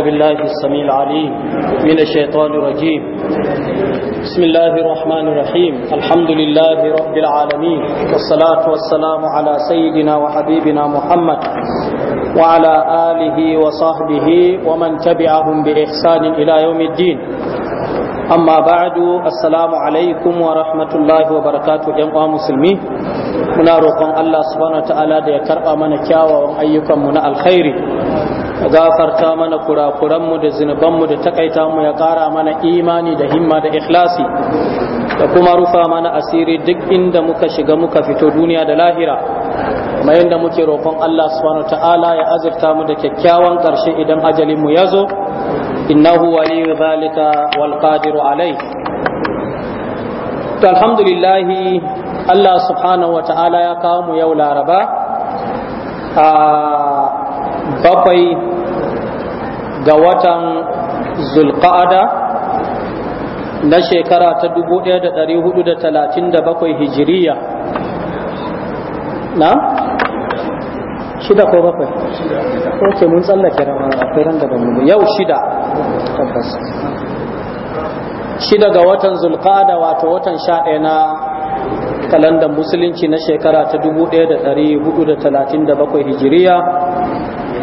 أعوذ بالله السميع العليم من الشيطان الرجيم بسم الله الرحمن الرحيم الحمد لله رب العالمين والصلاة والسلام على سيدنا وحبيبنا محمد وعلى آله وصحبه ومن تبعهم بإحسان إلى يوم الدين amma ba'du assalamu alaikum wa rahmatullahi wa barakatuh yan uwa musulmi muna roƙon Allah subhanahu ta'ala da ya karɓa mana kyawawan ayyukanmu na alkhairi gafarta mana kurakuranmu da zunubanmu da takaita mu ya ƙara mana imani da himma da ikhlasi da kuma rufa mana asiri duk inda muka shiga muka fito duniya da lahira kuma yadda muke roƙon Allah subhanahu ta'ala ya azurta mu da kyakkyawan ƙarshe idan ajalinmu ya zo innahu waliyu zalika wal qadiru alai to alhamdulillah Allah subhanahu wa ta'ala ya kawo mu yau laraba a ah, bakwai ga watan zulqa'ada na shekara ta 1437 hijiriya na shida ko bakwai ok mun tsallake akwai ran da mu yau shida tabbas shida ga watan zulqa'ada wato watan sha'e na kalandar musulunci na shekara ta 1437 hijiriya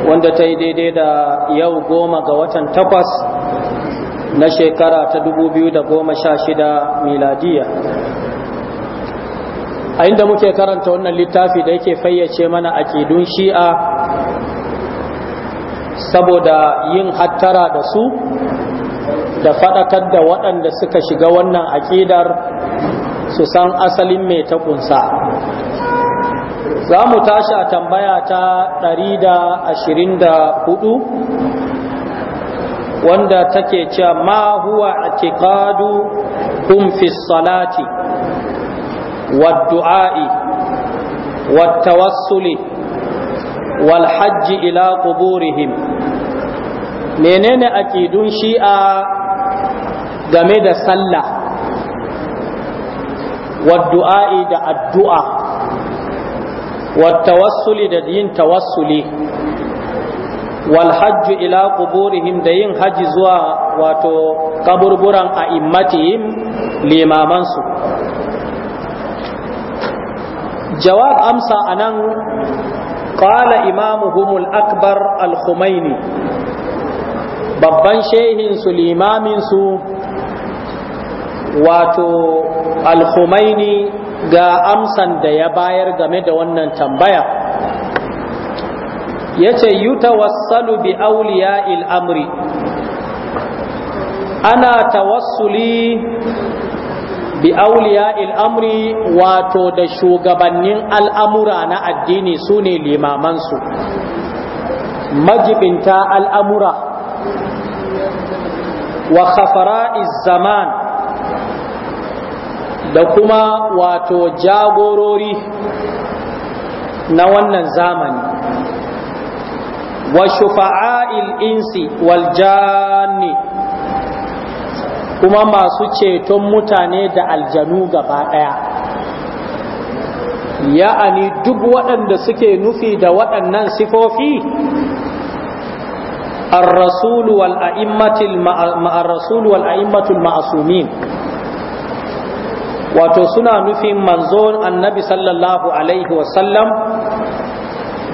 wanda ta yi daidai da yau goma ga watan takwas na shekara ta da 2016 miladiya a inda muke karanta wannan littafi da yake fayyace mana aƙidun shi'a saboda yin hattara da su da faɗakar da waɗanda suka shiga wannan aƙidar su san asalin mai ta ƙunsa za mu tashi a tambaya ta 124 wanda take cewa ma huwa atiqadu hum fi salati wad du'a'i walhajji wal hajji ila quburihim menene akidun shi'a game da sallah wad du'a'i da addu'a wattawassuli da yin tawassuli wal hajju ila quburihim da yin haji zuwa wato kaburburan a'immatihim limamansu jawab amsa anan qala imamuhum Humul akbar al-khumaini babban shehin su limamin su wato al ga amsan da ya bayar game da wannan tambaya yace yutawassalu bi awliya'il amri ana tawassuli bi auliya amri wato da shugabannin al'amura na addini sune limaman su majibinta al'amura wa khafara'iz zaman da kuma wato jagorori na wannan zamani wa shufa'a'il insi wal janni kuma masu ceton mutane da aljanu gaba ɗaya ya'ani duk waɗanda suke nufi da waɗannan sifofi الرسول والأئمة الم... الرسول والأئمة المعصومين wato suna nufin manzo annabi sallallahu alaihi wasallam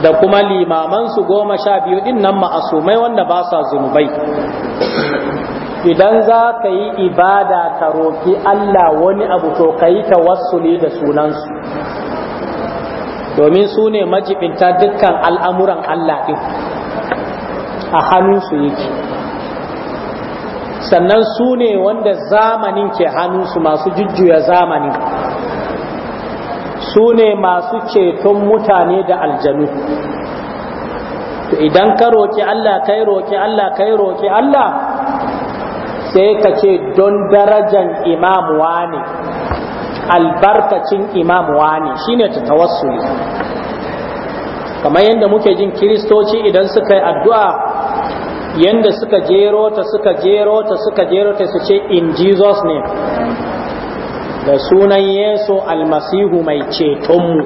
da kuma limamansu goma sha biyu din nan ma'asumai wanda ba sa zunubai idan za ka yi ibada ka roƙi Allah wani abu to ka yi wasuli da sunansu domin su ne majibinta dukkan al'amuran Allah ɗin a hannunsu yake sannan su ne wanda zamanin ke hannunsu masu jujjuya zamani su ne masu ceton mutane da aljanu to idan ka roƙi Allah kai roƙi Allah kai roƙi Allah sai ka ce don darajan imamuwa ne, albarkacin imamuwa ne, shine ta tawassuli kamar yadda muke jin kiristoci idan suka yi addu'a yanda suka jero ta suka jero ta suka jero ta su ce in jesus name da sunan yesu almasihu mai cetonmu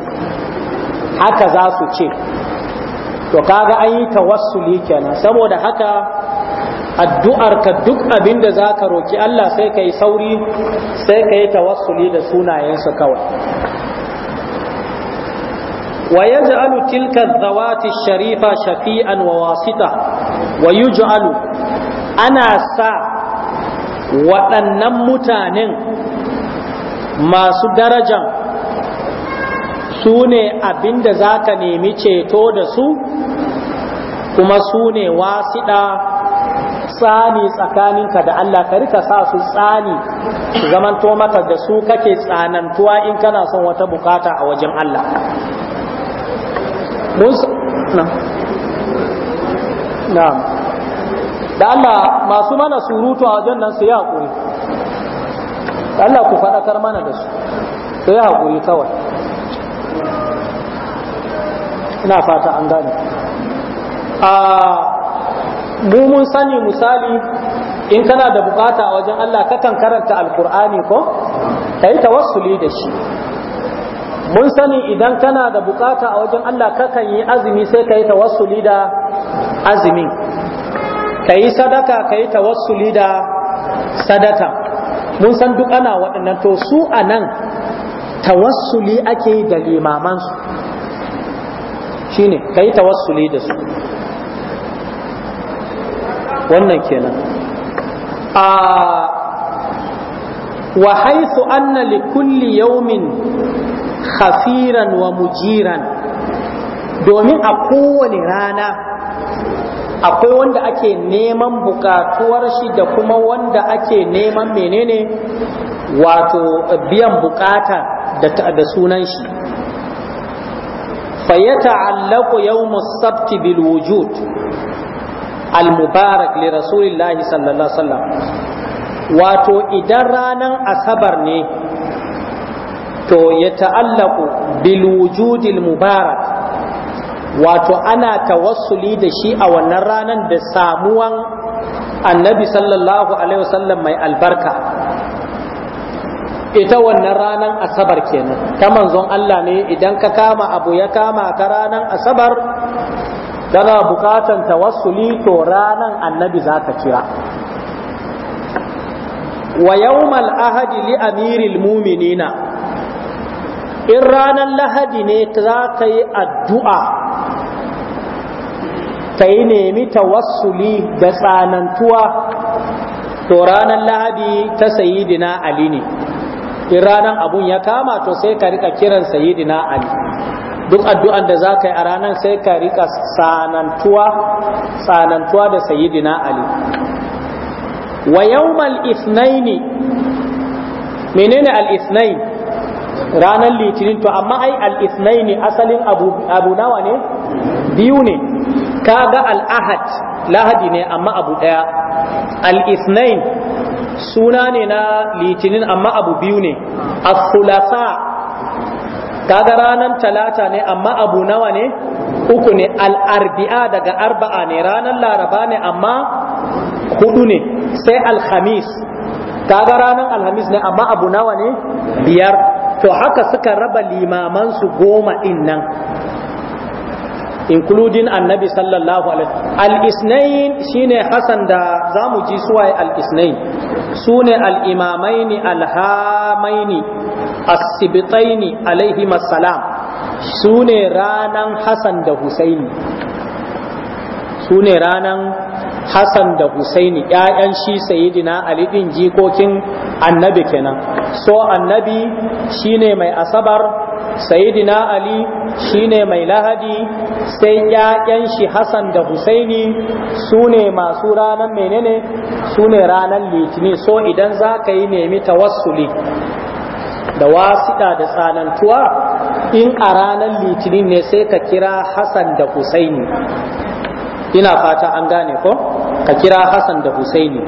haka za su ce to kaga an yi tawassuli kenan saboda haka addu'ar ka duk abin da za ka roki Allah sai ka yi sauri sai ka yi tawassuli da sunayensu kawai wa ya tilka zawati sharifa shafi'an wa wasita wa yuj'alu ana sa waɗannan mutanen masu darajan su ne abinda za ka nemi ceto da su kuma su ne wasiɗa tsani tsakaninka da Allah ka rika sa su tsani zaman zamanto maka da su kake tsanantuwa in kana son wata bukata a wajen Allah na'am da Allah masu mana surutu a wajen nan su yi hakuri da Allah ku faɗakar mana da su su yi hakuri kawai ina fata an gane a mu mun sani misali in kana da bukata a wajen Allah kakan karanta alkur'ani ko ka yi tawassuli da shi mun sani idan kana da bukata a wajen Allah kakan yi azumi sai ka yi tawassuli da azumi ka yi sadaka ka yi tawassuli da sadaka mun san duk ana waɗannan to su a nan tawassuli ake yi da limamansu ne, ka yi tawassuli da su wannan kenan a wa haithu anna li kulli yawmin khafiran wa mujiran domin a kowane rana akwai wanda ake neman bukatuwar shi da kuma wanda ake neman menene wato biyan bukata da sunan shi Fa ya yawmus sabt bil wujud al mubarak li rasulillahi sallallahu alaihi wasallam wato idan ranan asabar ne to ya ta'allaku bil wujudil mubarak wato ana tawassuli da shi a wannan ranar da samuwan annabi sallallahu alaihi wasallam mai albarka ita wannan ranar asabar kenan ta manzon Allah ne idan ka kama abu ya kama ka ranar asabar tana bukatan tawassuli to ranar annabi za ka kira wa yawmal ahadi li amiril muminina in ranar lahadi ne za ka yi addu'a ka yi nemi tawassuli da tsanantuwa to ranar lahadi ta sayidina ali ne in ranar abun ya kama to sai ka rika kiran sayidina ali duk addu'an da za ka yi a ranar sai ka rika tsanantuwa tsanantuwa da sayidina ali wa yawmal ithnaini menene al-ithnain ranar litinin to amma ai al-ithnaini asalin abu, abu nawa ne biyu ne kaga al'ahad lahadi ne amma abu ɗaya al'isnain suna ne na litinin amma abu biyu ne as-sulasa kaga ranar talata ne amma abu nawa ne uku ne al'arbi'a daga arba'a ne ranar laraba ne amma hudu ne sai al-khamis. al-khamis kaga ranar al-khamis ne amma abu nawa ne biyar to haka suka raba limamansu goma ɗin nan including annabi sallallahu alaihi al-isnain shine hasan da zamu ji suwaye al-isnain sune al-imamaini al-hamaini as-sibtaini alaihi assalam sune ranan hasan da husaini sune ranan hasan da husaini ƴaƴan shi sayidina ali din jikokin annabi kenan so annabi shine mai asabar sayidina ali shine mai lahadi sai ƴaƴan shi Hassan da husaini sune masu ranar menene sune ranar litini so idan za ka yi nemi tawassuli da wasiƙa da tsanantuwa in a ranar litinin ne sai ka kira Hassan da husaini ina fata an gane ko ka kira Hassan da husaini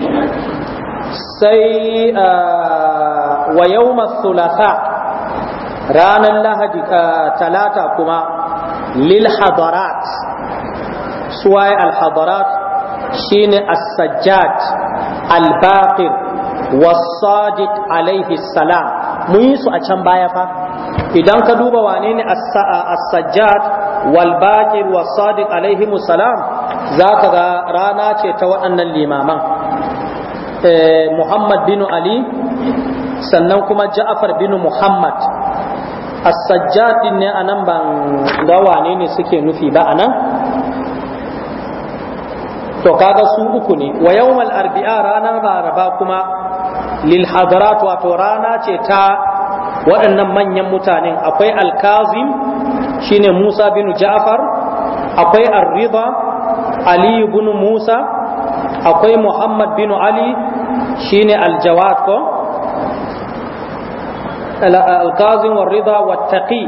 sai uh, wa yawmas thulatha ranar lahadi eh, talata kuma lil hadarat suwaye al hadarat shine as-sajjad al-baqir was-sadiq alaihi salam mun yi su a can baya fa idan ka duba wane ne eh, as-sajjad wal-baqir was-sadiq alaihi salam zaka ga rana ce ta waɗannan limaman eh, Muhammad bin Ali sannan kuma Ja'far bin Muhammad as-sajjad ne anan ban ga wane ne suke nufi ba anan to kaga su uku ne wa yawmal arbi'a ranar laraba kuma lil a wato rana ce ta waɗannan manyan mutanen akwai al-kazim shine Musa bin Ja'far akwai ar-rida Ali ibn Musa akwai Muhammad bin Ali shine al-Jawad ko Al-Qazim wal-Ridha wal-Taqi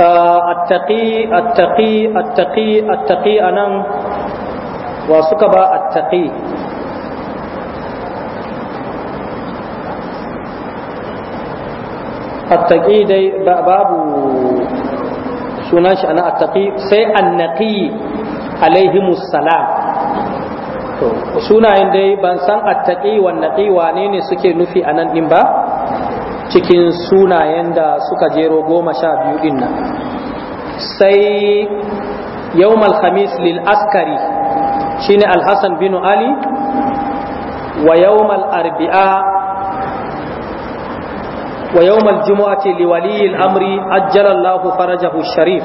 uh, At-Taqi, At-Taqi, At-Taqi, At-Taqi anan Wa suka ba At-Taqi At-Taqi dai babu sunan shi ana At-Taqi sai An-Naqi alaihimus salam sunayen dai ban san At-Taqi wa An-Naqi wane suke nufi a nan ɗin ba? cikin sunayen da suka jero goma sha biyu din nan sai yawmal khamis lil askari shine alhassan bin ali wa yawmal arbi'a wa yawmal jumu'ati li waliyi amri Ajjalallahu farajahu sharif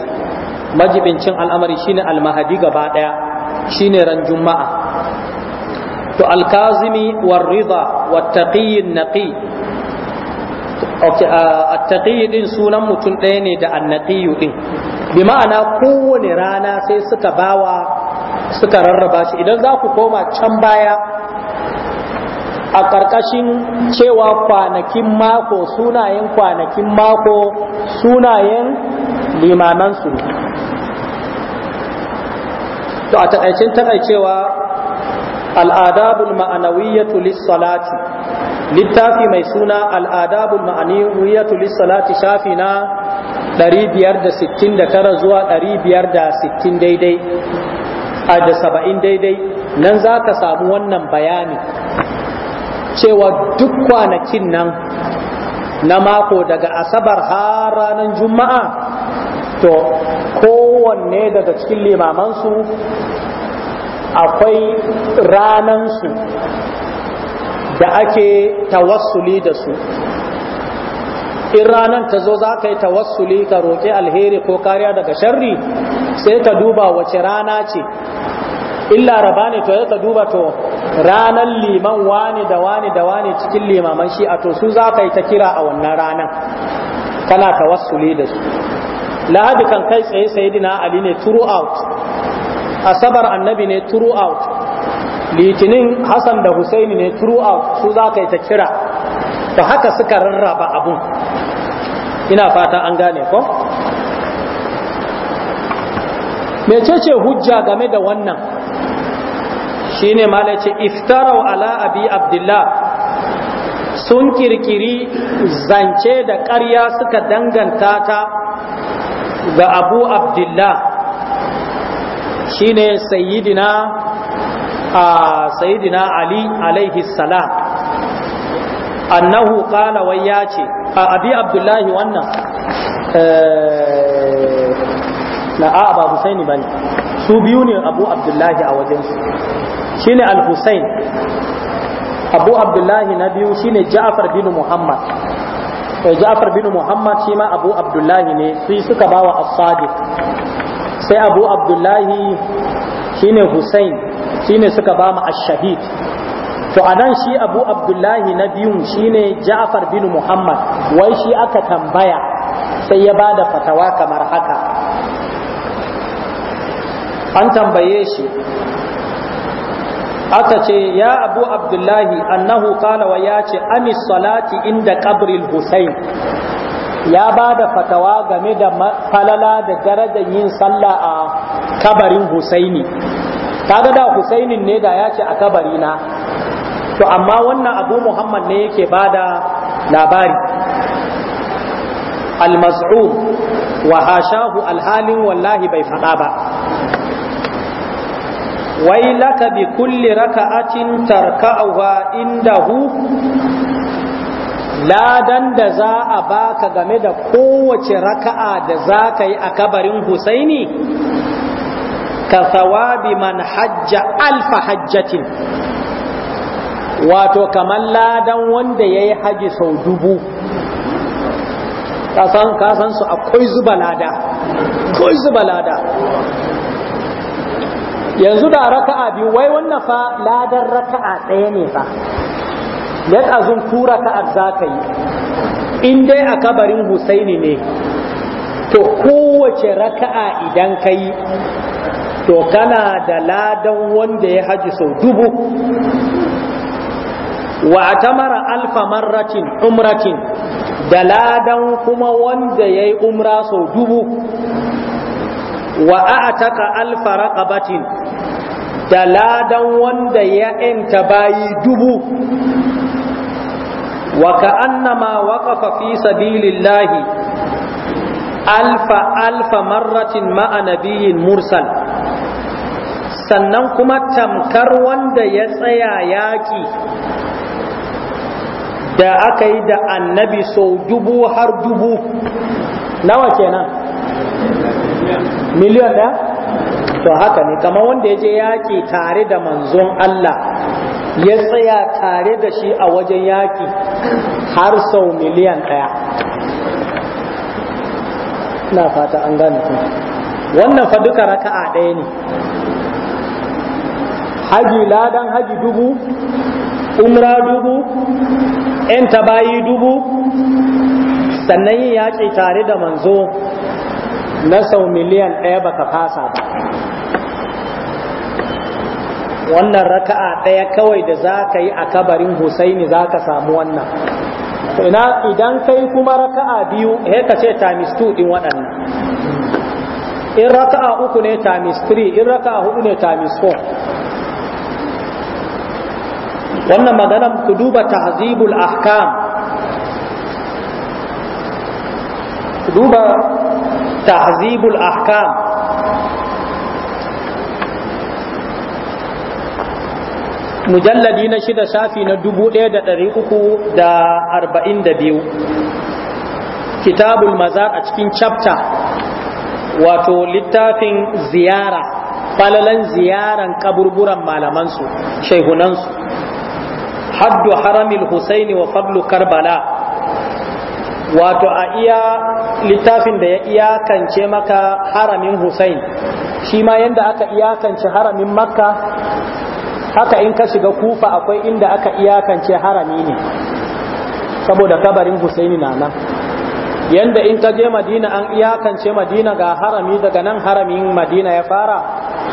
majibincin al'amari shine almahadi gaba daya shine ran juma'a to alkazimi war rida wat taqi naqi ok din sunan mutum ɗaya ne da annaqiyu din bi ma'ana kowane rana sai suka bawa suka rarraba shi idan za ku koma can baya a ƙarƙashin cewa kwanakin mako sunayen kwanakin mako sunayen limanansu to a taƙaicin taƙaicewa al'adabul ma'anawiyyatu lissalati littafi mai suna al'adabul ma'aniyatu lissalati shafi na 569 zuwa 560 daidai a da 70 daidai nan za ka samu wannan bayani cewa duk kwanakin nan na mako daga asabar har ranar juma'a to kowanne daga cikin limamansu akwai ranansu da ake tawassuli da su in ranar ta zo za ka yi tawassuli ka roƙe alheri ko kariya daga sharri sai ka duba wace rana ce illa raba ne to ya ka duba to ranar liman wani da wani da wani cikin limaman shi a to su za ka yi ta kira a wannan ranar kana tawassuli da su lahadi kan kai tsaye sayidina ali ne throughout asabar annabi ne throughout litinin hassan da Hussaini ne throughout su za ka yi ta kira to haka suka rarraba abun ina fata an gane ko mecece hujja game da wannan shine malace iftarau ala abi abdullah sun kirkiri zance da ƙarya suka danganta ta ga abu abdullah shine sayidina. a sayidina ali alaihi salam annahu qala wai ya ce a abi abdullahi wannan eh, na a ba husaini bane su biyu ne abu abdullahi a wajensu Shi ne al-husain abu abdullahi na biyu shi ne Ja'afar bin muhammad eh, Ja'afar bin muhammad shi ma abu abdullahi ne su suka bawa as sai abu abdullahi shi ne husain Shi ne suka ba mu shahid to anan shi Abu Abdullahi na biyu shine ja'afar bin Muhammad wai shi aka tambaya sai ya bada fatawa kamar haka an tambaye shi aka ce ya abu abdullahi annahu kalawa ya ce Amis salati inda kabril hussein ya ba da fatawa game da falala da darajar yin sallah a kabarin husaini kaga da husainin ne da ya ce a kabari na to amma wannan abu muhammad ne yake bada labari Almas'u wa hashahu alhalin wallahi bai faɗa ba wai laka bi kulli raka'atin tarka'uha indahu ladan da za a baka game da kowace raka'a da za ka yi a kabarin husaini ka sawabi man hajja alfa hajjatin wato kamar ladan wanda ya yi haji sau dubu kasan su akwai zuba lada akwai zuba lada yanzu da raka'a biyu wai wannan fa ladan raka'a ɗaya ne fa yadda azun tura ka'ar za ka yi in dai a kabarin husaini ne to kowace raka'a idan ka yi to kana da ladan wanda ya haji sau dubu wa mara alfa marratin umratin da ladan kuma wanda ya yi umra sau dubu wa ataka alfa raqabatin da ladan wanda ya yanta bayi dubu wa ka'annama waqafa fi sabilillahi alfa alfa marratin ma'a nabiyyin mursal sannan kuma tamkar wanda ya tsaya yaƙi da aka yi da annabi sau dubu har dubu nawa kenan miliyan ɗaya to haka ne kamar wanda ya je yaƙi tare da manzon Allah ya tsaya tare da shi a wajen yaƙi har sau miliyan ɗaya na fata an gane wannan fa duka raka'a ɗaya ne haji ladan haji dubu umra dubu yan tabayi dubu sannan yin yaƙi tare da manzo na sau miliyan ɗaya baka fasa ba wannan raka'a ɗaya kawai da za ka yi a kabarin husaini za ka samu wannan ina idan kai kuma raka'a biyu he ka ce times 2 ɗin waɗannan in raka'a uku ne times 3 in raka'a hudu ne times 4 wannan maganan ku duba tahzibul ahkam duba tahzibul ahkam mujalladi na shida shafi na dubu da uku da arba'in da biyu kitabul mazar a cikin chapter wato littafin ziyara falalan ziyaran kaburburan malamansu shaihunansu haddu haramil husaini wa fadlu karbala wato a iya littafin da ya iyakance maka haramin husain shi ma yadda aka iyakance haramin makka haka in ka shiga kufa akwai inda aka iyakance harami ne saboda kabarin husaini na nan yanda in ka je madina an iyakance madina ga harami daga nan haramin madina ya fara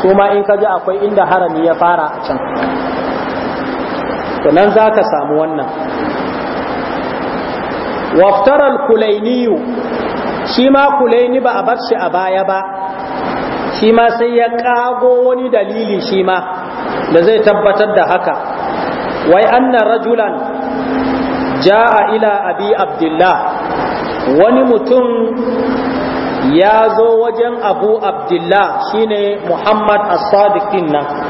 su ma in ka je akwai inda harami ya fara a can to nan za ka samu wannan waftaral kulainiyu shi ma kulaini ba a bar shi a baya ba shi ma sai ya kago wani dalili shi ma da zai tabbatar da haka wai anna rajulan ja'a ila abi abdullah wani mutum ya zo wajen abu abdullah shine muhammad as-sadiq nan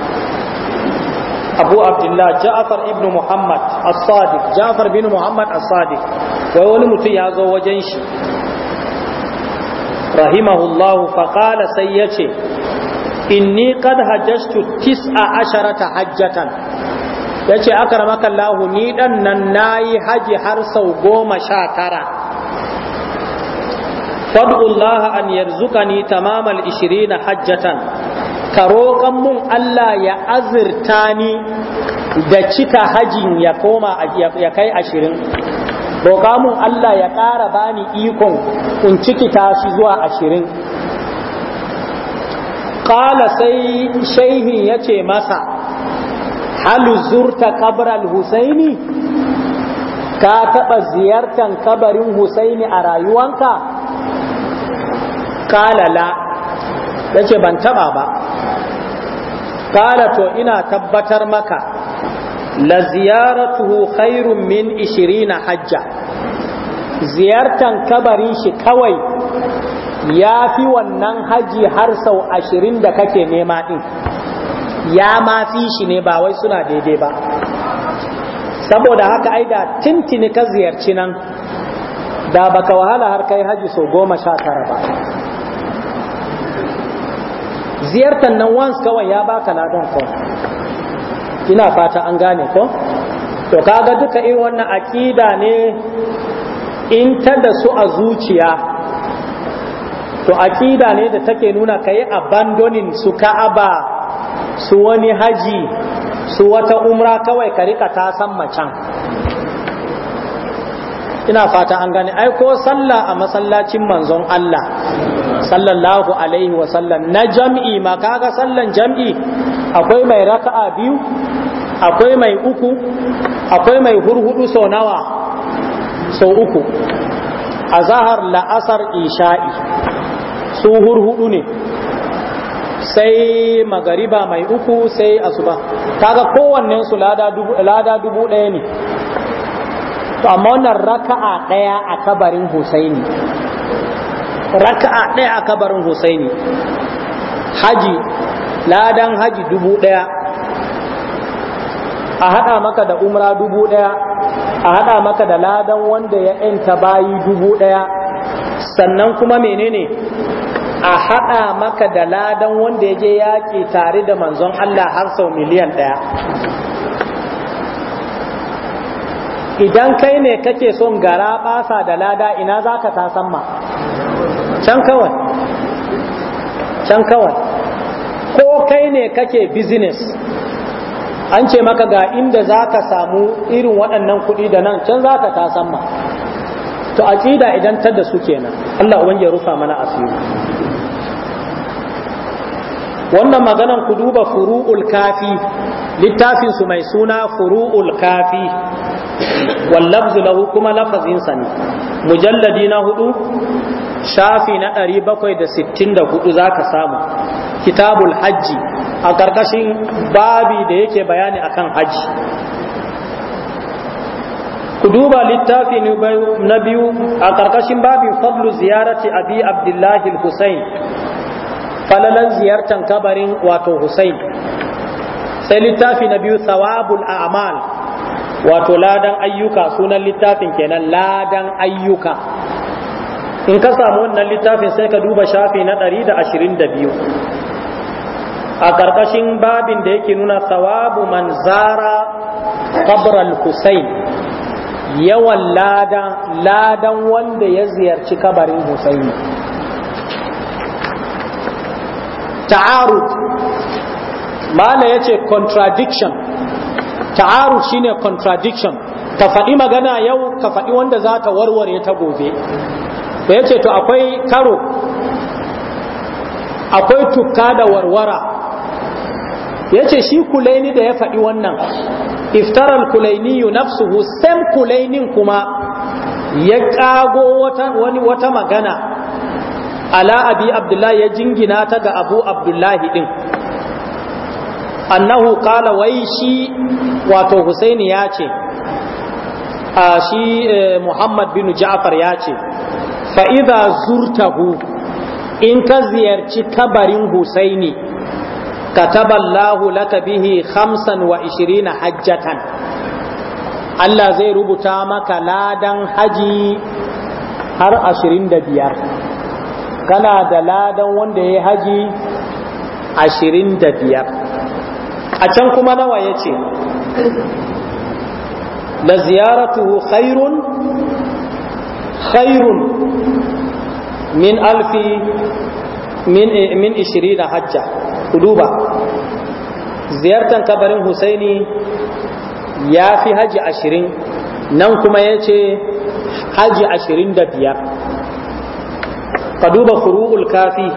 abu Abdullahi ja'far ibn muhammad as-sadiq ja'far bin muhammad as-sadiq wai wani mutum ya zo wajen shi rahimahullahu faqala sai yace inni qad hajjatu tis'a asharata hajjatan yace akramaka Allah ni dan nan nayi haji har sau goma sha tara fad'u Allah an yarzuqani tamamal 20 hajjatan ka roƙon mun Allah ya azurta ni da cika hajin ya koma ya kai ashirin roƙa mun Allah ya ƙara bani ikon in ta shi zuwa ashirin ƙala sai shaihin ya ce masa halu zurta kabral husaini ka taɓa ziyartan kabarin husaini a rayuwanka ƙala la yace ban taɓa ba kala to ina tabbatar maka la ziyaratuhu khairun min 20 hajja ziyartan kabarin shi kawai ya fi wannan haji har sau ashirin da kake nema ɗin ya ma fi shi ne ba wai suna daidai ba saboda haka ai da tintini ka ziyarci nan da baka wahala har kai haji sau goma sha tara ba ziyartar nan once kawai ya baka ladan kawai ina fata an gane ko to kaga duka irin wannan akida ne in ta da su a zuciya to akida ne da take nuna ka yi abandonin su ka'aba su wani haji su wata umra kawai ka rika ta san macan ina fata an gane ai ko sallah a masallacin manzon Allah sallallahu alaihi wasallam na jam'i ma kaga sallan jam'i akwai mai raka'a biyu akwai mai uku akwai mai hurhudu sau nawa sau uku a zahar la'asar isha'i su hurhudu ne sai magariba mai uku sai asuba kaga kowannen su lada dubu ɗaya ne to amma wannan raka'a ɗaya a kabarin husaini raka'a ɗaya a kabarin husaini haji ladan haji dubu ɗaya a haɗa maka da umra dubu ɗaya a haɗa maka da ladan wanda ya ‘yanta bayi dubu ɗaya sannan kuma menene a haɗa maka da ladan wanda ya je yaƙi tare da manzon Allah har sau miliyan ɗaya idan kai ne kake son gara ɓasa da lada ina za ka ta samma? can kawai can kawai ko kai ne kake business an ce maka ga inda za ka samu irin waɗannan kuɗi da nan can za ka ta samma to a aƙida idan tadda da su kenan Allah wani ya rufa mana asiri wannan maganan ku duba furu'ul kafi littafinsu mai suna furu'ul kafi wallafzu lahu kuma lafazin sa ne mujalladi na hudu shafi na da da sittin za zaka samu kitabul hajji a karkashin babi da yake bayani a kan hajji ku duba littafi na biyu a karkashin babin fadlu ziyarati abi abdullahi husain falalan ziyartan kabarin wato husain sai littafi na biyu sawabul a'mal wato ladan ayyuka sunan littafin kenan ladan ayyuka in ka samu wannan littafin sai ka duba shafi na 122 a ƙarƙashin babin da yake nuna sawabu man zara qabral husain yawan ladan ladan wanda ya ziyarci kabarin husaini ta'arud ya ce contradiction ta'arud shine contradiction ka faɗi magana yau ka faɗi wanda za ta warware ta gobe da ya to akwai karo akwai tukka da warwara yace shi kulaini da ya faɗi wannan iftaral kulainiyu nafsuhu sam kulainin kuma ya ƙago wata magana ala abi abdullahi ya jingina ta ga abu abdullahi ɗin annahu kala wai shi wato husaini ya ce a shi e, muhammad bin ja'far ya ce fa'iza zurtahu in ka ziyarci kabarin husaini kataballahu laka bihi khamsan wa ishirina hajjatan Allah zai rubuta maka ladan haji har ashirin da biyar kana da ladan wanda ya haji ashirin da biyar a can kuma nawa ya ce la ziyaratuhu khairun khairun min alfi min eh, min ishirina hajja duba ziyartan kabarin husaini ya fi haji ashirin nan kuma ya ce haji ashirin da biyar ka duba furu'ul kafi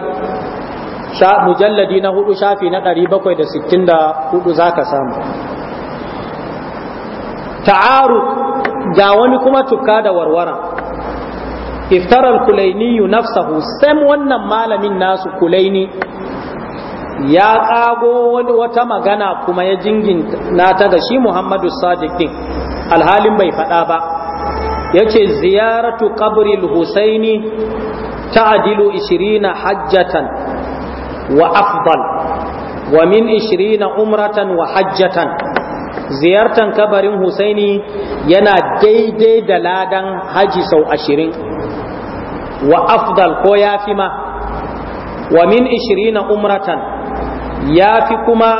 mujalladi na hudu shafi na ɗari bakwai da da sittin hudu za ka samu ta'aru ga wani kuma tuka da warwara Iftarar kulaini nafsa sam wannan malamin nasu kulaini ya kago wani wata magana kuma ya jingina ta ga shi Muhammadu Sadiq din alhalin bai faɗa ba Ya yace ziyaratu Hussaini husaini adilu 20 hajjatan wa afdal wa min 20 umratan wa hajjatan ziyartan kabarin Husaini yana daidai da ladan haji sau ashirin wa afdal ko ya fi ma wa min ishirina umratan ya fi kuma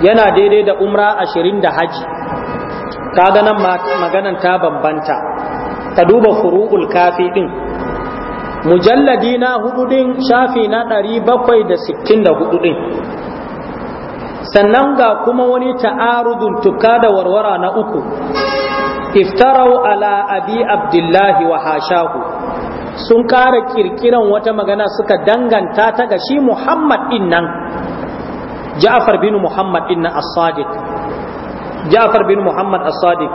yana daidai da umra ashirin da haji kaga nan maganan ta bambanta ka duba furu'ul kafi ɗin. mujalladi na hudu din shafi na ɗari bakwai da sittin da hudu din sannan ga kuma wani ta'arudun tuka da warwara na uku iftarau ala abi abdullahi wa hashahu sun ƙara kirkiran wata magana suka danganta ta ga shi muhammad din nan ja'afar bin muhammad din nan as-sadiq ja'far bin muhammad as-sadiq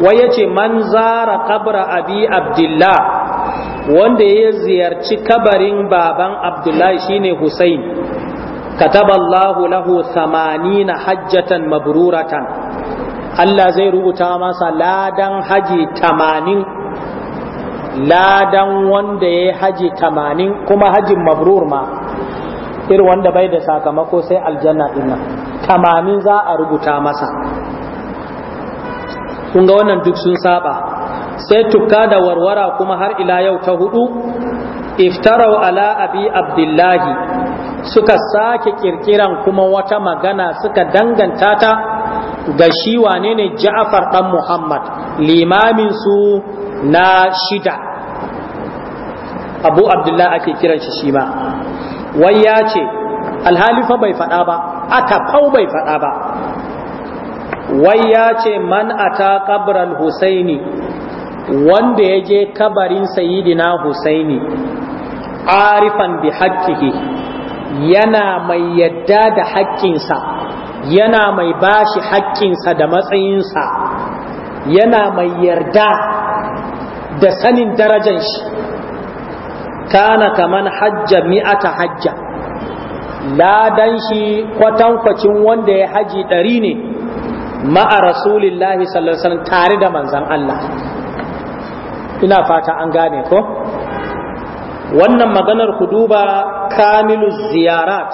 wai yace man zara qabra abi abdullah wanda ya ziyarci kabarin baban abdullahi shine husain kataballahu lahu 80 hajjatan mabruratan Allah zai rubuta masa ladan haji 80 ladan wanda ya haji 80 kuma hajin mabrur ma irin wanda bai da sakamako sai aljanna dinnan 80 za a rubuta masa kun ga wannan duk sun saba sai tukka da warwara kuma har ila yau ta hudu iftarau ala abi abdullahi suka sake kirkiran kuma wata magana suka danganta ta ga shi wane ne ɗan dan muhammad limamin su na shida abu abdullahi ake kiran shi shi ma wai ya ce alhalifa bai faɗa ba aka kau bai faɗa ba wai ya ce man ata qabral husaini wanda ya je kabarin sayidina husaini arifan bi haƙƙihi yana mai yadda da haƙƙinsa yana mai bashi haƙƙinsa da matsayinsa yana mai yarda da sanin darajan shi kana kaman hajja mi'ata hajja ladan shi kwatankwacin wanda ya haji ɗari ne ma'a rasulillahi sallallahu alaihi wasallam tare da manzan Allah ina fata an gane ko wannan maganar ku duba kamilu ziyarat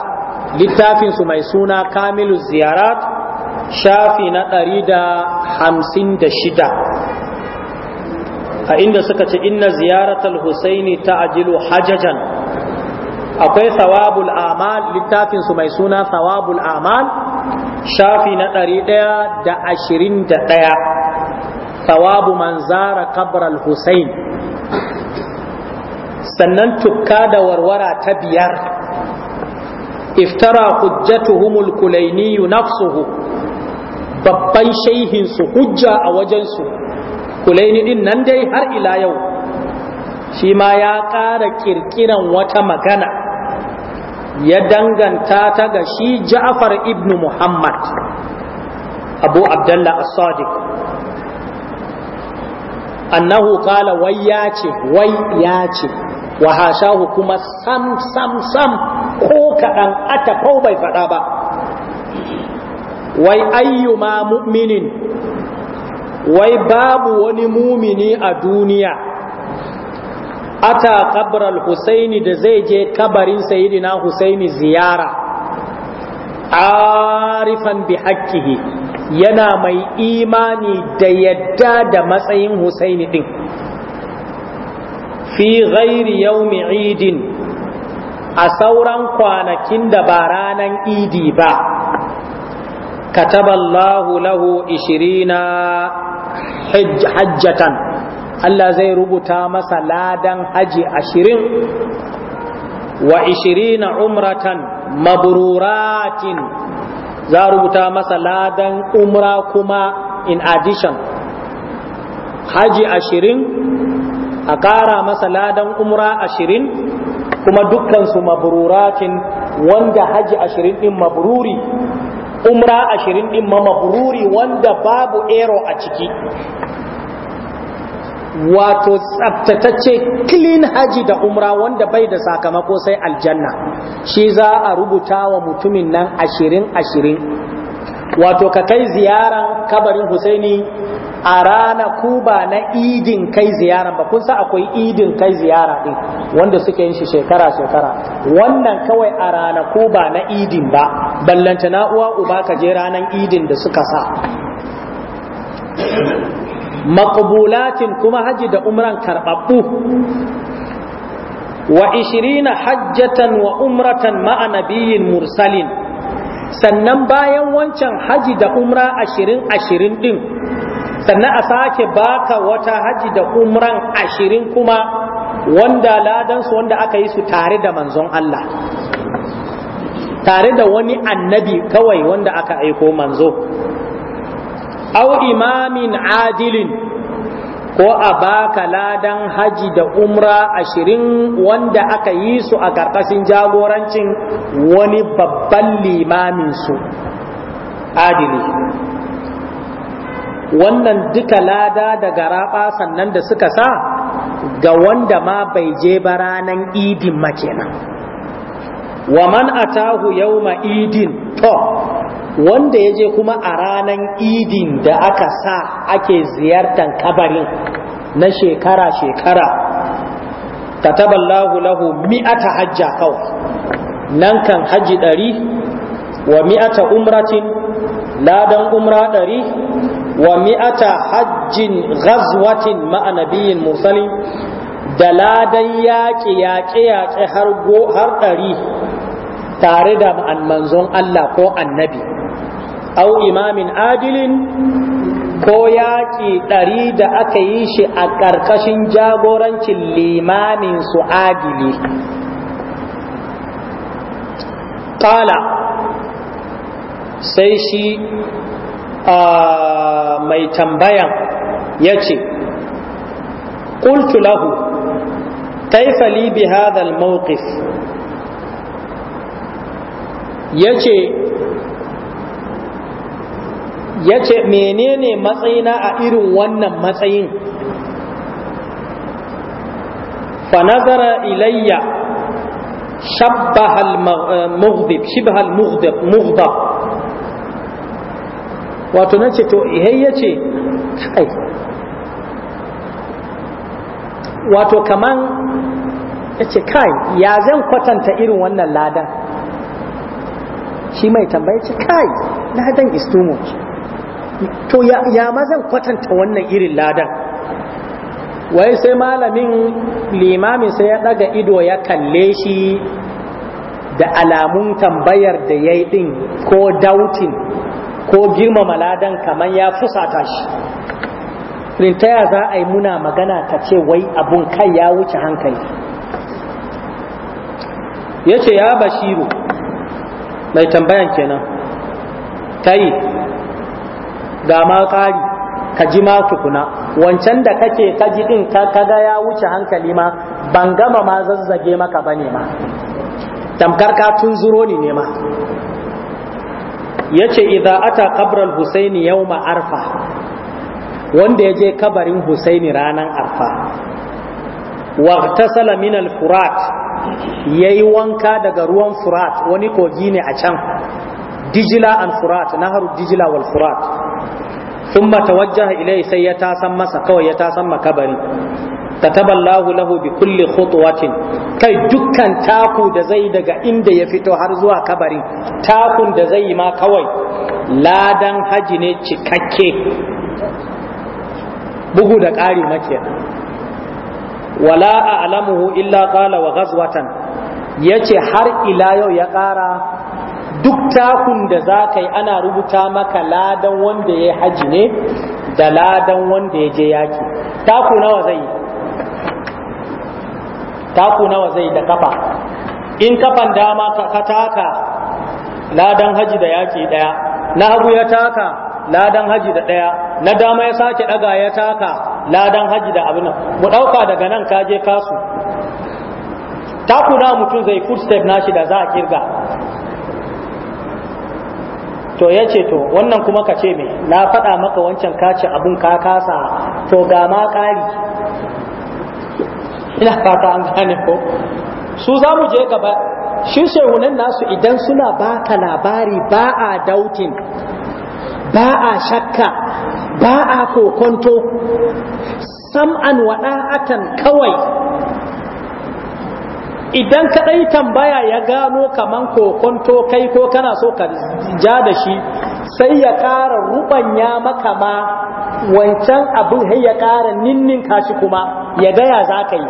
littafin su mai suna kamilu ziyarat shafi na ɗari da hamsin da shida a inda suka ce inna ziyaratal husaini ta ajilu hajajan akwai sawabul amal littafin su mai suna sawabul amal shafi na ɗari ɗaya da ashirin da ɗaya thawabu Manzara kabral Hussein sannan tukka da warwara ta biyar iftara hujjatuhumul kulainiyu nafsuhu babban shaihinsu hujja a wajensu kulaini din nan dai har ila yau shi ma ya ƙara ƙirƙiran wata magana ya danganta ta ga shi ja'far ibnu muhammad abu abdullah as-sadiq annahu qala wai ya ce wai ya ce wa hashahu kuma sam sam sam ko kaɗan ata ko bai faɗa ba wai ayyuma mu'minin wai babu wani mumini a duniya ata kabral husaini da zai je kabarin sayidina husaini ziyara arifan bi haƙƙihi yana mai imani da yadda da matsayin husaini din fi ghairi yaumi idin a sauran kwanakin da ba ranan idi ba kataballahu lahu ishirina hajjatan Allah zai rubuta masa ladan haji ashirin wa ishirina umratan mabruratin za a rubuta masa ladan umra kuma in addition haji ashirin a ƙara masa ladan umra ashirin kuma dukkansu mabururatin wanda haji ashirin ɗin mabururi umra ashirin ɗin ma mabururi wanda babu ero a ciki wato tsabtatacce clean haji da umra wanda bai da sakamako sai aljanna shi za a rubuta wa mutumin nan ashirin ashirin wato ka kai ziyaran kabarin husaini a rana ku ba na idin kai ziyara ba kun sa akwai idin kai ziyara din wanda suke yin shi shekara shekara wannan kawai a rana ku ba na idin ba ballanta na uwa uba ka je ranan idin da suka sa maqbulatin kuma haji da umran karɓaɓɓu wa ishirina hajjatan wa umratan ma'anabiyin mursalin sannan bayan wancan haji da umra ashirin ashirin ɗin sannan a sake baka wata haji da umran ashirin kuma wanda ladansu wanda aka yi su tare da manzon Allah tare da wani annabi kawai wanda aka aiko manzo au imamin adilin ko a baka ladan haji da umra ashirin wanda aka yi su a karkashin jagorancin wani babban limamin su adili wannan duka lada da garaba sannan da suka sa ga wanda ma bai je ba ranan idin makenan wa man atahu yawma idin to wanda ya je kuma a ranar idin da aka sa ake ziyartar kabarin na shekara-shekara ta kataballahu lahu mi'ata hajja kawai nan kan haji ɗari wa mi'ata umratin ladan umra ɗari wa mi'ata hajjin ghazwatin ma'anabiyin musali da ladan yaƙi yaƙe yaƙe har ɗari tare da manzon Allah ko annabi au imamin adilin ko yaƙi ɗari da aka yi shi a ƙarƙashin jagorancin limamin su adili ƙala sai shi mai tambayan ya ce ƙultu lahu kaifali bi ya ce ya ce menene matsayina a irin wannan matsayin fanazara ilayya shabbahal eh, mughdib shibhal mughdab wato na ce to ihai eh, ya ce kai wato kaman ya ce kai ya zan kwatanta irin wannan ladan shi mai tambaya ce kai ladan is too to ya mazan kwatanta wannan irin ladan wai sai malamin limamin sai ya daga ido ya kalle shi da alamun tambayar da ya yi din ko dautin ko girmama ladan kamar ya fusata shi rintaya za a yi muna magana ta ce wai abun kai ya wuce hankali ya ce ya bashiru mai tambayan kenan ta yi ga ma ƙari ka ji ma tukuna wancan da kake kaji din ka kaga ya wuce hankali ma ban gama ma zazzage maka bane ma tamkar ka zuro ni ne ma yace idza ata qabral husaini yawma arfa wanda ya je kabarin husaini ranan arfa ta min al-furat yayi wanka daga ruwan furat wani kogi ne a can dijila al furat na dijila wal furat sun mata wajen ilai sai ya tasan masa kawai ya tasan makabari ta taballahu lahu bi kulli khutuwatin kai dukkan taku da zai daga inda ya fito har zuwa kabarin takun da zai yi ma kawai ladan haji ne cikakke bugu da ƙari make wala a alamuhu illa ƙala wa gazwatan ya ce har ila yau ya ƙara duk takun da za ka yi ana rubuta maka ladan wanda ya haji ne da ladan wanda ya je yaki taku nawa zai taku nawa zai da kafa in kafan dama ka taka ladan haji da yaki daya na hagu ya taka ladan haji da daya na dama ya sake daga ya taka ladan haji da abin mu dauka daga nan ka je kasu taku na mutum zai footstep nashi da za a kirga to ya ce to wannan kuma ka ce me na faɗa maka wancan kace abun ka kasa to ga ma ƙari ina fata an gane ko su za mu je gaba shi shehunan nasu idan suna baka labari ba a dautin ba a shakka ba a kokonto sam'an wada'atan kawai idan ka ɗai tambaya ya gano kaman kokonto kai ko kana so ka ja da shi sai ya ƙara rubanya maka ma wancan abin sai ya ƙara ninnin kashi kuma ya gaya za ka yi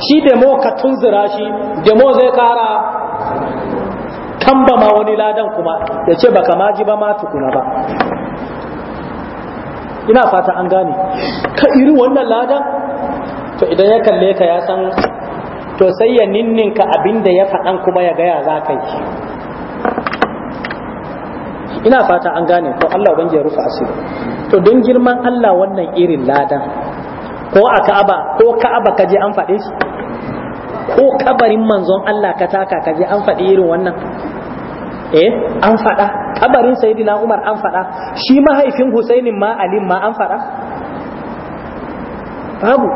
shi demo ka tunzura shi demo zai ƙara tamba ma wani ladan kuma ya ce baka ma ji ba ma tukuna ba ina fata an gane ka iri wannan ladan to idan ya kalle ka ya san to sai ya ninninka abin da ya faɗan kuma ya gaya za ka yi ina fata an gane ko Allah ban ya rufe asiri to don girman Allah wannan irin ladan ko a ka'aba ko ka'aba ka je an faɗe shi ko kabarin manzon Allah ka taka ka je an faɗi irin wannan eh an faɗa kabarin sayyidina Umar an faɗa shi mahaifin Husainin ma Ali ma an faɗa babu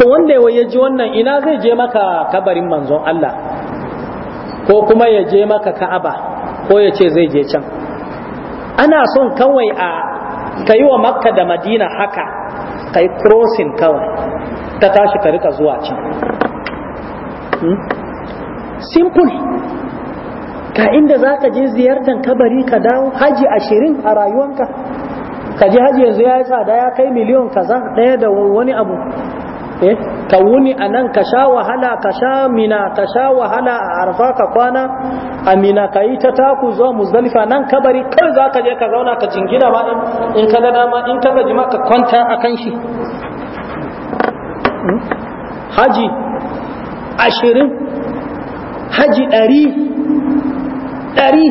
to wanda ya ji wannan ina zai je maka kabarin manzon Allah ko kuma ya je maka ka'aba ko ya ce zai je can ana son kawai a ka wa makka da madina haka ka yi crossing kawai ta tashi ka rika zuwa can hmm? simple ka inda za ka je ziyartar kabari ka dawo haji ashirin a rayuwanka ka je haji yanzu ya yi tsada ya kai miliyon kaza ɗaya da wani abu eh ka wuni a nan ka sha wahala ka sha mina ka sha wahala a arfa ka kwana a mina ka yi ta taku zuwa muzdalifa nan ka bari kar za ka je ka zauna ka jingina ma in ka ga dama in ka gaji ma ka kwanta a kan shi hmm? haji ashirin haji ɗari ɗari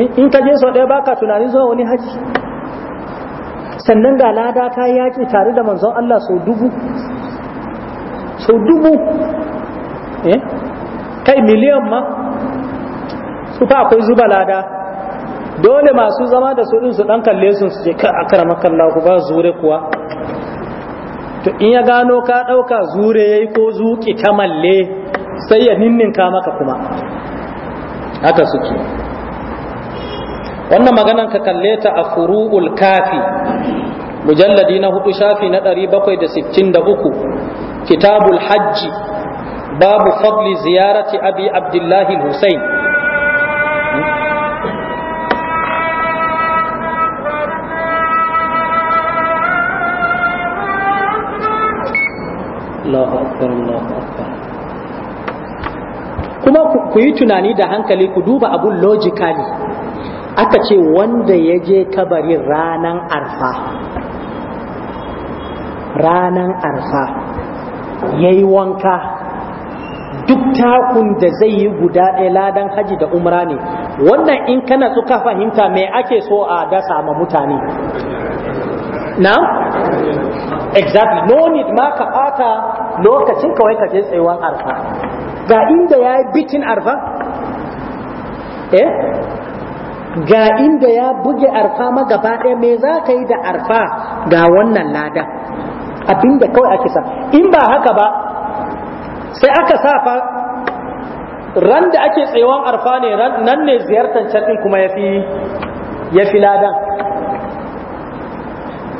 eh, in ka je sau ɗaya baka tunanin zuwa wani haji sannan ga lada ta yaƙi tare da manzon Allah sau dubu sau dubu eh? kai miliyan ma su fa akwai zuba lada dole masu zama da su ɗin su ɗan kalle su su je ka makalla ku ba zure kuwa to in ya gano ka ɗauka zure ya yi ko zuƙi ta malle sai ya ninninka maka kuma haka suke wannan maganan ka kalle ta a furu'ul kafi mujalladi na hudu shafi na uku, kitabul hajji babu fadli ziyarati abi abdullahi Hussein. kuma ku yi tunani da hankali ku duba abun logically aka ce wanda ya je kabari ranan arfa ranan arfa ya yi wanka duk takun da zai yi guda ɗaya ladan haji da umra ne wannan in kana suka fahimta me ake so a dasa ma mutane na? exactly no need ma ka ɓata lokacin kawai ka je tsayuwan arfa ga inda ya yi bitin arfa eh ga inda ya buge arfa magaba ɗaya me za ka yi da arfa ga wannan lada abinda kawai ake sa in ba haka ba sai aka sa fa ran da ake tsayawan arfa ne nan ne ziyartar can kuma ya fi ya ladan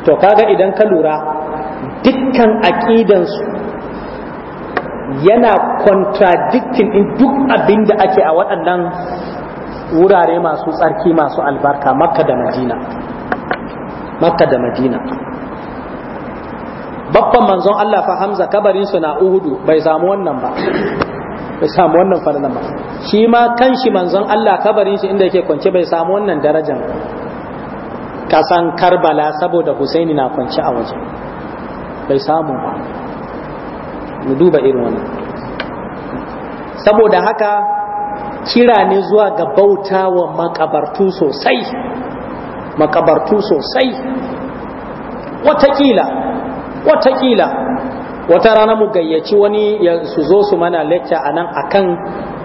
to kaga idan ka lura dukkan aƙidansu yana contradicting in duk abin ake a waɗannan wurare masu tsarki masu albarka makka da madina makka da madina babban manzon Allah fa Hamza kabarin su na Uhudu bai samu wannan ba bai samu wannan falalan ba shi ma kanshi manzon Allah kabarin shi inda yake kwance bai samu wannan darajar kasan Karbala saboda Husaini na kwance a waje bai samu ba mu duba irin wannan saboda haka kira ne zuwa ga bauta wa makabartu sosai makabartu sosai watakila watakila wata rana mu gayyaci wani ya su zo su mana lecture anan akan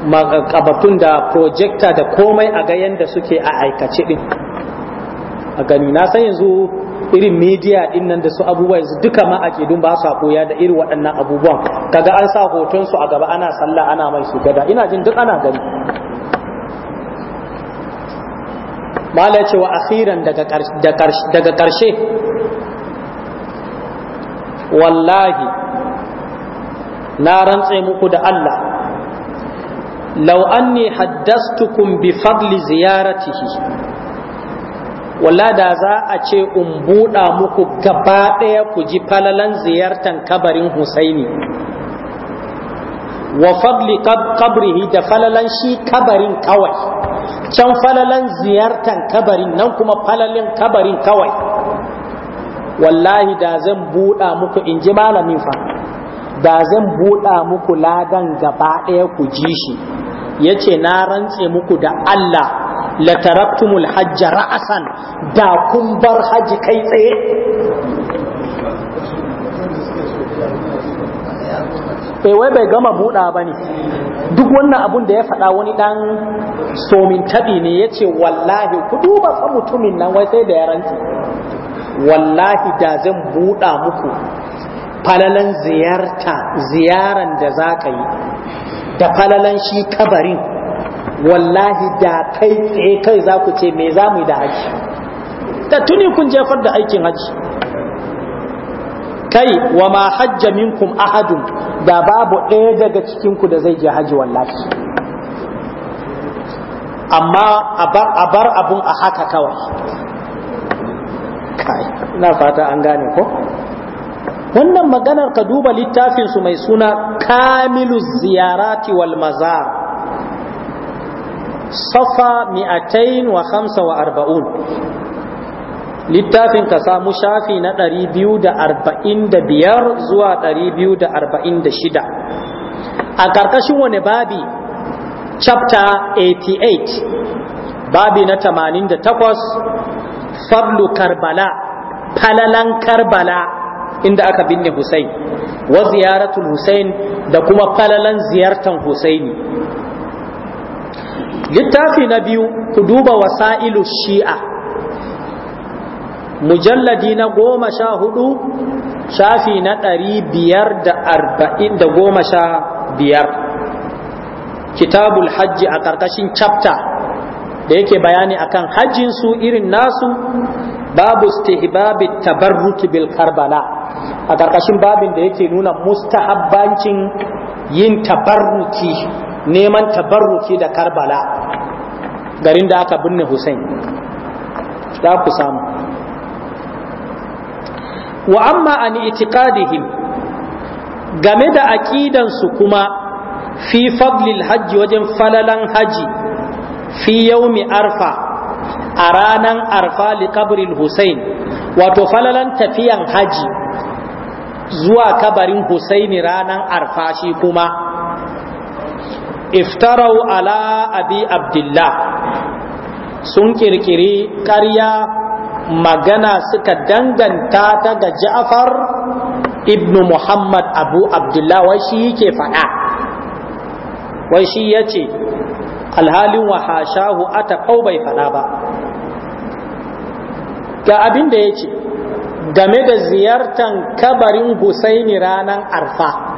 makabartun da projector da komai a ga yanda suke a aikace din a gani na san yanzu irin media din nan da su abubuwa yanzu duka ma ake dun ba su koya da irin waɗannan abubuwan kaga an sa hoton su a gaba ana sallah ana mai gada ina jin duk ana gani mala ce wa akhiran daga karshe daga karshe wallahi na rantse muku da Allah law anni haddastukum bi fadli ziyaratihi walla da za a ce in buɗa muku gaba ɗaya ku ji falalan ziyartan kabarin husaini wa fadli kabrihi da falalan shi kabarin kawai can falalan ziyartan kabarin nan kuma falalin kabarin kawai wallahi da zan buɗa muku in ji malamin fa da zan buɗa muku ladan gaba ɗaya ku ji shi yace na rantse muku da Allah lataraktumul hajja ra'asan da kun bar haji kai tsaye wai bai gama buɗa ba ne duk wannan abun da ya faɗa wani ɗan somin taɓi ne ya ce wallahi ku duba fa mutumin nan wai sai da ya wallahi da zan buɗa muku falalan ziyarta ziyaran da za ka yi da falalan shi kabarin wallahi da kai tsaye kai za ku ce me za da haji ta tuni kun jefar da aikin haji kai wa ma hajja minkum ahadun da babu ɗaya daga cikinku da zai je haji wallahi amma a bar abun a haka kawai kai ina fata an gane ko wannan maganar ka duba littafinsu mai suna kamilu ziyarati wal mazar safa mi'atain wa khamsa wa arba'un littafin ka samu shafi na ɗari biyu da arba'in da biyar zuwa ɗari biyu da arba'in da shida a ƙarƙashin wani babi chapter 88 babi na 88 Fablu karbala falalan karbala inda aka binne Husain, wa ziyaratul Husain da kuma falalan ziyartan Husaini littafi na biyu ku duba wasa'ilu shi'a mujalladi na goma sha hudu shafi na ɗari biyar da arba'in da goma sha biyar kitabul hajji a ƙarƙashin chapter da yake bayani a akan hajjinsu irin nasu babu stihbabi tabarruki bil karbala a ƙarƙashin babin da yake nuna mustahabbancin yin tabarruki neman tabarruki da karbala garin da aka binne Hussein za ku samu wa amma an itiqadihim game da aqidansu kuma fi fadlil hajji wajen falalan haji fi yaumi arfa a ranan arfa li Hussein wato falalan tafiyan haji zuwa kabarin Husaini ranan arfa shi kuma iftarau ala abi abdullah sun kirkiri ƙarya magana suka danganta ta ga ja'far ibnu muhammad abu abdullah wai shi yake faɗa wai shi ya ce alhalin wahashahu ata kau bai faɗa ba ga abin da ya ce game da ziyartan kabarin Husaini ranar arfa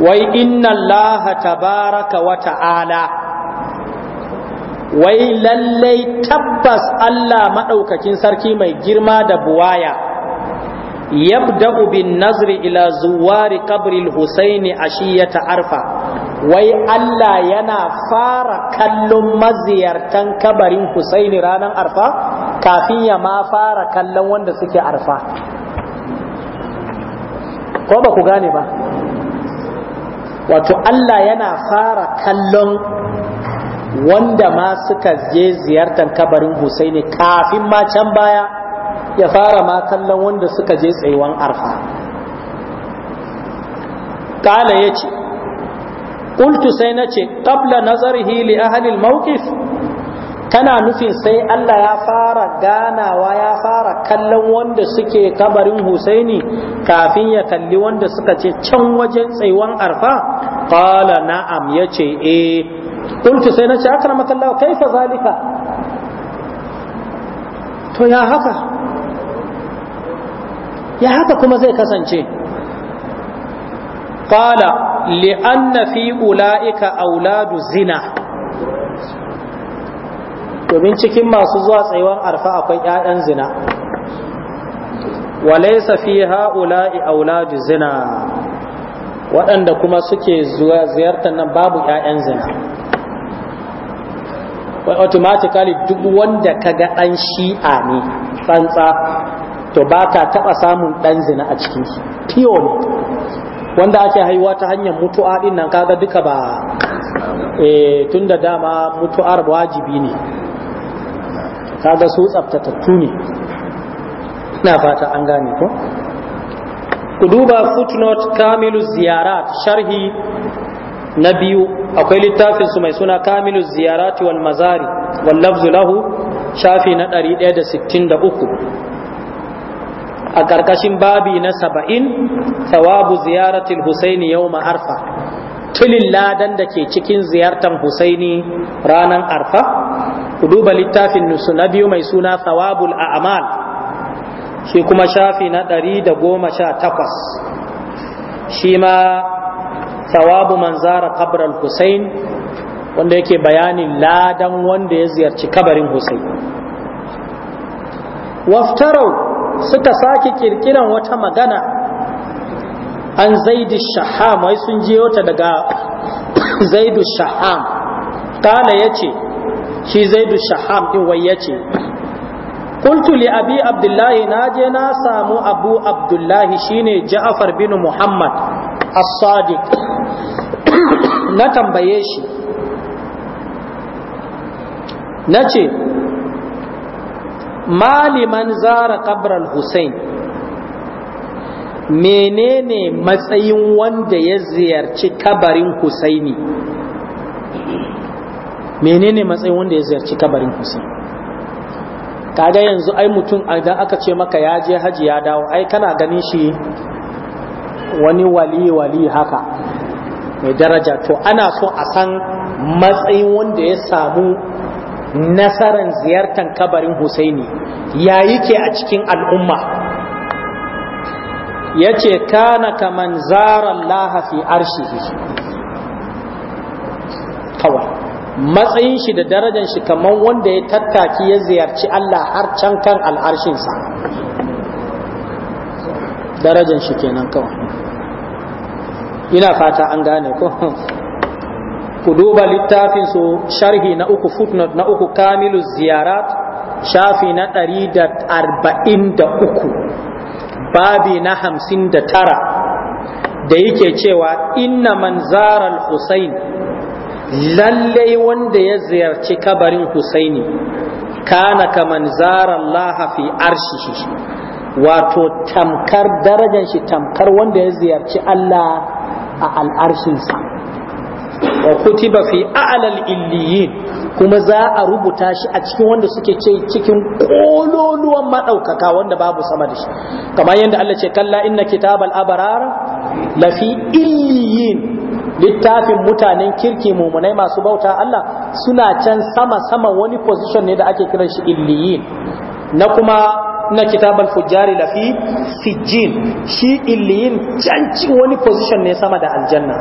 wai inna allaha tabaraka wa ta'ala wai lallai tabbas Allah maɗaukakin sarki mai girma da buwaya yabda'u bin nazri ila zuwari qabril husaini ashiyata arfa wai Allah yana fara kallon maziyartan kabarin husaini ranar arfa kafin ya ma fara kallon wanda suke arfa ko ba ku gane ba wato Allah yana fara kallon wanda ma suka je ziyartar kabarin Husaini kafin ma can baya ya fara ma kallon wanda suka je tsayuwan arfa kala ya ce ƙultu sai na ce ƙabla nazarihi li ahalil mawqif kana nufin sai Allah ya fara ganawa ya fara kallon wanda suke kabarin Husaini kafin ya kalli wanda suka ce can wajen tsaiwan arfa qala na'am ce eh qultu sai na na ce nace kai fa zalika to ya haka ya haka kuma zai kasance qala li anna fi ulaika auladu zina domin cikin masu zuwa tsayuwar arfa akwai 'ya'yan zina laysa fi ha'ula'i auladu zina waɗanda kuma suke ziyartar nan babu 'ya'yan zina automatically duk wanda ka ga ɗan shi'a ne tsantsa to ba ka taɓa samun ɗan zina a cikin shi. Tiyo ne wanda ake haihuwa ta hanyar mutu'a ɗin nan kaga duka ba eh, tun da dama mutu'ar wajibi ne kaga su tsaftatattu ne ina fata an gane ko ku duba footnote kamilu ziyarat sharhi na biyu akwai littafin su mai suna kamilu ziyarati wal mazari wal lafzu lahu shafi na 163 a ƙarƙashin babi na 70 thawabu ziyaratil husaini yawma arfa tilin ladan da ke cikin ziyartar husaini ranar arfa ku duba littafin nusu na biyu mai suna a a'mal shi kuma shafi na ɗari da goma sha takwas shi ma thawabu manzara kabral Hussein wanda yake bayanin ladan wanda ya ziyarci kabarin Hussein waftarau suka sake kirkiran wata magana an zaidu shaham wai sun jiyo ta daga zaidu shaham kala ya ce shi zaidu shaham din wai yace qultu li abi abdullahi na samu abu abdullahi shine ja'far bin muhammad as-sadiq na tambaye shi nace maliman zara kabral hussein menene matsayin wanda ya ziyarci kabarin husaini menene matsayin wanda ya ziyarci kabarin Hussein kaga yanzu ai mutum idan aka ce maka ya je haji ya dawo ai kana ganin shi wani wali wali haka mai daraja to ana so a san matsayin wanda ya samu nasarar ziyartar kabarin Husaini ya yi ke a cikin al'umma ya ce kana kaman zarar lahafi arshi kawai matsayin shi da darajar shi kamar wanda ya tattaki ya ziyarci Allah har can kan al'arshinsa darajar shi kenan kawai ina fata an gane ko ku duba littafin su sharhi na uku footnote na uku kamilu ziyarat shafi na ɗari da arba'in da uku babi na hamsin da tara da yake cewa inna man husain lallai wanda ya ziyarci kabarin husaini kana kaman zara Allah fi arshihi wato tamkar darajar shi tamkar wanda ya ziyarci Allah a al'arshinsa wa kutiba fi a'lal illiyin kuma za a rubuta shi a cikin wanda suke ce cikin kololuwan madaukaka wanda babu sama da shi kamar yadda Allah ce kalla inna kitabal abrar lafi illiyin littafin mutanen kirki mumunai masu bauta Allah suna can sama sama wani position ne da ake kiran shi illiyin na kuma na kitabar fujjari fi sijjin shi illiyin can wani position ne sama da aljanna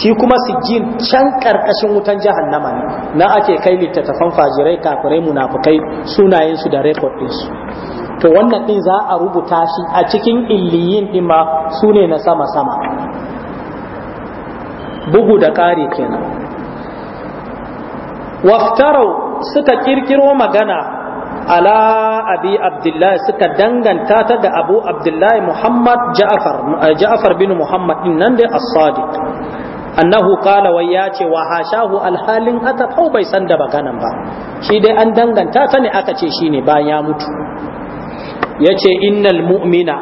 shi kuma sijjin can karkashin wutan jahannama ne na ake kai littattafan fajirai kafirai munafukai sunayensu da record to wannan din za a rubuta shi a cikin illiyin din ma sune na sama sama bugu da ƙari kenan waftarau suka kirkiro magana ala abi abdullahi suka danganta ta da abu abdullahi muhammad ja'afar bin muhammad din nan dai as-sadiq annahu qala wa ya ce wa hashahu alhalin ata kau bai san da maganan ba shi dai an danganta ta ne aka ce shine bayan ya mutu yace innal mu'mina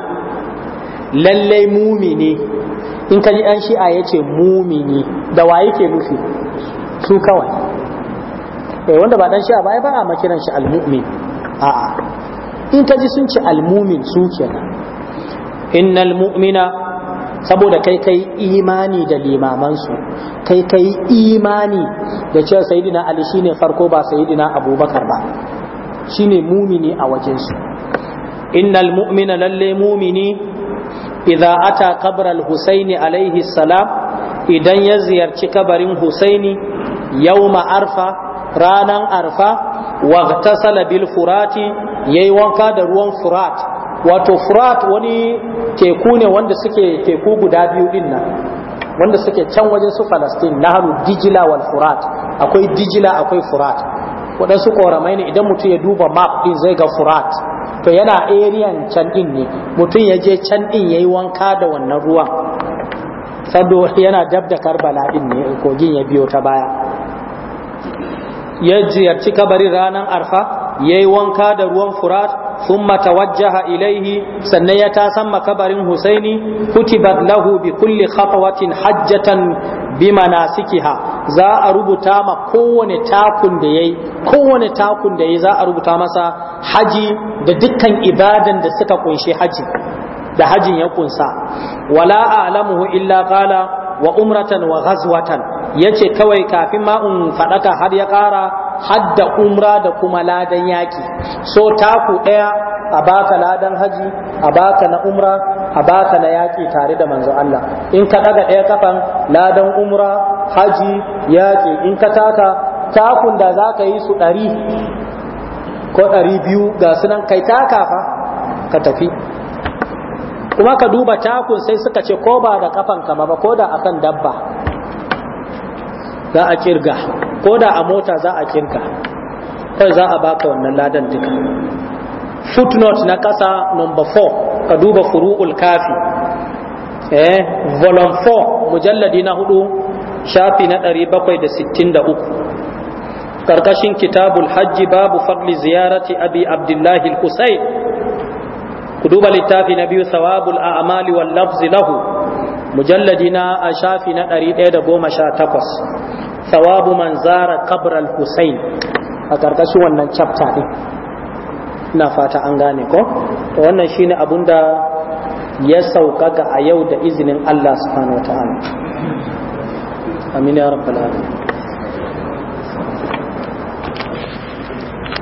lallai mumini in ka ji ɗan shi'a ya ce mumini da wa yake nufi su kawai eh wanda ba ɗan shi'a ba ba a makiran shi almumin a'a in ka ji sun ci almumin su kenan innal mu'mina saboda kai kai imani da limamansu kai kai imani da cewa sayidina ali shine farko ba sayidina abubakar ba shine mumini a wajensu innal mu'mina lalle mumini idza ata qabral husaini alaihi salam idan ya ziyarci kabarin husaini yawma arfa ranan arfa tasala bil furati yayi wanka da ruwan furat wato furat wani teku ne wanda suke teku guda biyu din nan wanda suke can wajen su Falastin nahru Dijila wal Furat akwai Dijila akwai Furat waɗansu ƙoramai ne idan mutum ya duba map din zai ga Furat to yana eriyan can din ne mutum ya je can din ya yi wanka da wannan ruwan sando yana dab da karbala din ne kogin ya biyo ta baya ya ziyarci kabarin ranar arfa ya yi wanka da ruwan furat sun mata wajaha ilaihi sannan ya tasan makabarin husaini kutibar lahu bi kulli khatawatin hajjatan bi manasikiha. siki ha za a rubuta ma kowane takun da yayi kowane takun da yayi za a rubuta masa haji da dukkan ibadan da suka kunshi haji da hajin ya kunsa wala a'lamuhu illa qala wa umratan wa ghazwatan yace kawai kafin ma in fadaka har ya kara hadda umra da kuma ladan yaki so taku ɗaya a baka ladan haji a baka na umra a baka na yaki tare da manzo Allah in ka daga ɗaya kafan ladan umra haji yaki in ka taka takun da za ka yi su ɗari ko ɗari biyu ga sunan kai taka fa ka tafi kuma ka duba takun sai suka ce ko ba da kafan ka ba ko da akan dabba za a kirga ko da a mota za a kinka kai za a baka wannan ladan duka footnote na ƙasa number 4 ka duba furu'ul kafi eh volume 4 mujalladi na hudu shafi na 763 karkashin kitabul hajji babu fadli ziyarati abi abdullahi al-husayn ku duba littafi na biyu sawabul a'mali wal lafzi lahu mujalladi na shafi na 118 thawabu man zara qabr al-husayn a karkashin wannan chapter din ina fata an gane ko to wannan shine abunda ya sauƙaƙa a yau da izinin Allah subhanahu wa ta'ala amin ya rabbal alamin